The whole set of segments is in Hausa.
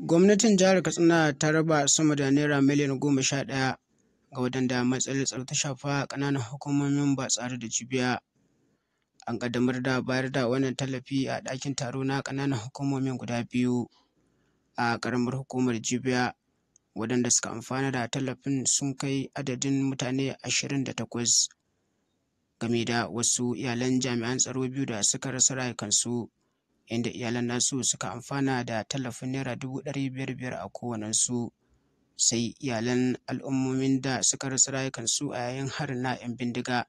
Gwamnatin Jihar Katsina ta raba sama da Naira miliyan goma sha ɗaya ga waɗanda matsalar tsaro ta shafa kananan ƙananan hukumomin tsare da Jibiya. An ƙaddamar da bayar da wannan tallafi a ɗakin taro na ƙananan hukumomin guda biyu a ƙaramar hukumar Jibiya. Waɗanda suka amfana da tallafin sun kai adadin mutane ashirin da takwas, game da wasu iyalan jami'an tsaro biyu da suka rasa rayukansu. inda iyalan nasu suka amfana da tallafin naira dubu ɗari biyar biyar a kowanensu sai iyalan al'ummomin da suka rasa rayukansu a yayin harin na 'yan bindiga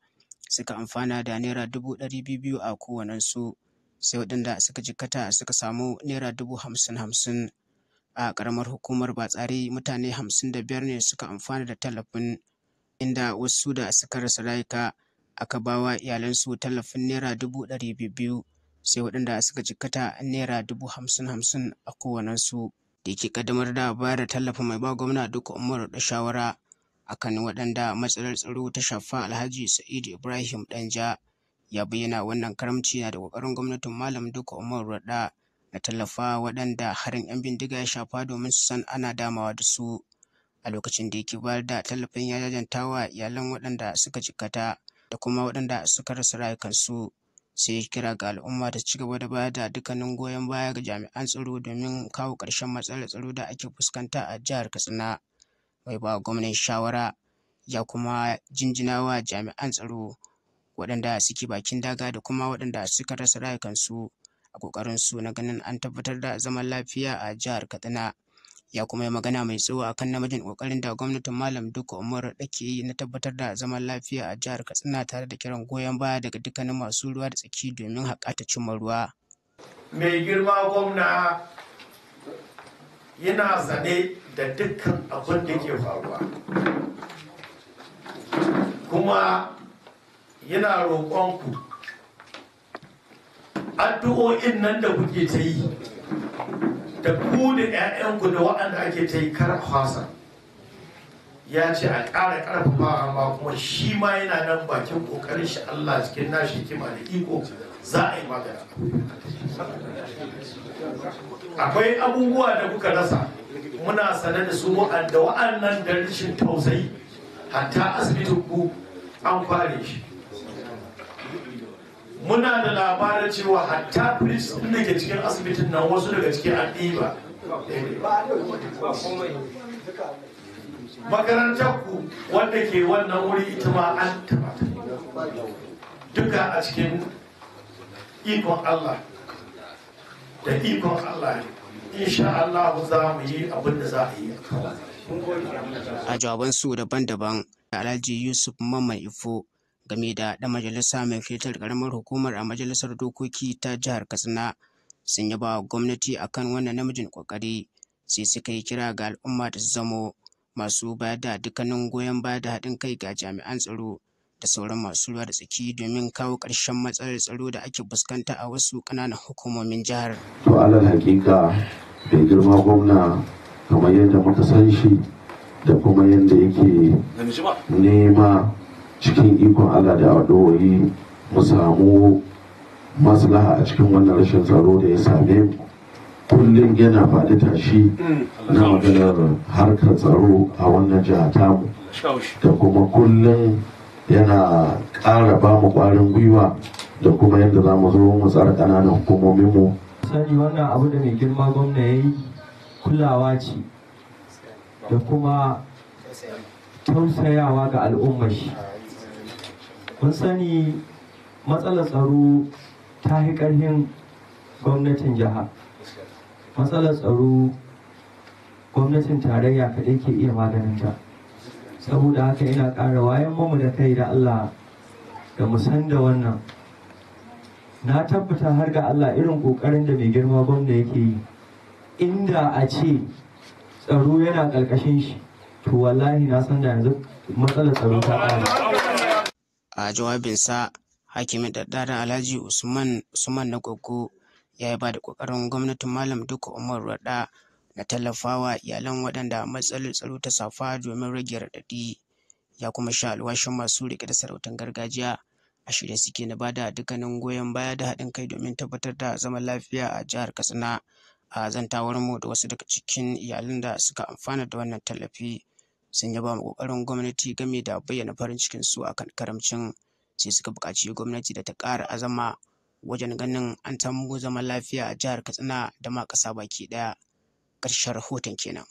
suka amfana da naira dubu ɗari biyu a kowanensu sai waɗanda suka jikkata suka samu naira dubu hamsin hamsin a ƙaramar hukumar batsari mutane hamsin da biyar ne suka amfana da tallafin inda wasu da suka rasa rayuka aka bawa iyalansu tallafin naira dubu ɗari biyu sai waɗanda suka jikata naira dubu hamsin hamsin a kowanensu da ke kaddamar da bayar da tallafi mai ba gwamna duka umar da shawara akan waɗanda matsalar tsaro ta shafa alhaji sa'idu ibrahim danja ya bayyana wannan karamci na da ƙoƙarin gwamnatin malam duka umar raɗa na tallafa waɗanda harin 'yan bindiga ya shafa domin su san ana damawa da su a lokacin da yake bayar da tallafin ya jajanta wa iyalan waɗanda suka jikata da kuma waɗanda suka rasa rayukansu. sai kira ga al'umma ta ci gaba da bayar da dukkanin goyon baya ga jami'an tsaro domin kawo ƙarshen matsalar tsaro da ake fuskanta a jihar katsina mai ba gwamnan shawara ya kuma jinjinawa jami'an tsaro waɗanda suke bakin daga da kuma waɗanda suka rasa rayukansu a ƙoƙarinsu na ganin an tabbatar da zaman lafiya a jihar katsina ya kuma yi magana mai tsawo akan namijin kokarin da gwamnatin malam duka umar dake yi na tabbatar da zaman lafiya a jihar katsina tare da kiran goyon baya daga dukkanin masu ruwa da tsaki domin haƙa ta cimma ruwa mai girma gwamna yana zane da dukkan abin da ke faruwa kuma yana roƙonku addu'o'in nan da kuke ta yi da ku da 'ya'yanku da waɗanda ake ta yi kar kwasa ya ce a ƙara ƙarfafa amma kuma shi ma yana nan bakin ƙoƙarin shi Allah cikin nashi kima da iko za a yi magana akwai abubuwa da kuka rasa muna sane da su waɗanda wa'annan da rashin tausayi hatta asibitin ku an kware shi muna da labarin cewa hatta priest din da ke cikin asibitin nan wasu daga cikin addiba makarantar ku wanda ke wannan wuri ita ma an tabbata duka a cikin ikon Allah da ikon Allah insha Allah za mu yi abin da za a yi a jawabansu daban-daban alhaji yusuf mamman ifo game da ɗan majalisa mai Fetur ƙaramar hukumar a majalisar dokoki ta jihar katsina sun yaba wa gwamnati akan wannan namijin ƙoƙari sai suka yi kira ga al'umma da su zamo masu bayar da dukkanin goyon baya da haɗin kai ga jami'an tsaro da sauran masu ruwa da tsaki domin kawo ƙarshen matsalar tsaro da ake fuskanta a wasu ƙananan hukumomin jihar. To alal hakika bai girma gwamna kamar yadda muka san shi da kuma yadda yake nema cikin ikon Allah da addu'o'i mu samu maslaha a cikin wannan rashin tsaro da ya same mu kullum yana faɗi tashi mm, na maganar harkar tsaro a wannan jiha tamu da kuma kullum yana ƙara ba mu ƙwarin gwiwa da kuma yadda za mu zo mu tsara ƙananan hukumomin mu. sani wannan abu da mai girma gwamna ya yi kulawa ce da kuma tausayawa ga al'ummar shi kun sani matsalar tsaro ta yi ƙarfin gwamnatin jiha matsalar tsaro gwamnatin tarayya kaɗai ke iya maganinta saboda haka ina ƙara wayan mamu da kai da allah da mu san da wannan na tabbata har ga allah irin ƙoƙarin da mai girma gwamna yake yi inda a ce tsaro yana ƙarƙashin shi to wallahi na san da yanzu matsalar tsaro ta ƙara a jawabinsa hakimin daddaren alhaji usman usman na gogo ya yi ba da kokarin gwamnatin malam duka umar rada na tallafawa iyalan waɗanda matsalar tsaro ta safa domin rage raɗaɗi ya kuma sha alwashin masu riƙe da sarautar gargajiya a shirye suke na bada dukkanin goyon baya da haɗin kai domin tabbatar da zaman lafiya a jihar katsina a zantawar mu da wasu daga cikin iyalan da suka amfana da wannan tallafi sun yaba ma ƙoƙarin gwamnati game da bayyana farin cikin su akan karamcin sai suka buƙaci gwamnati da ta ƙara azama wajen ganin an tambu zaman lafiya a jihar Katsina da ma ƙasa baki ɗaya. Ƙarshen rahoton kenan.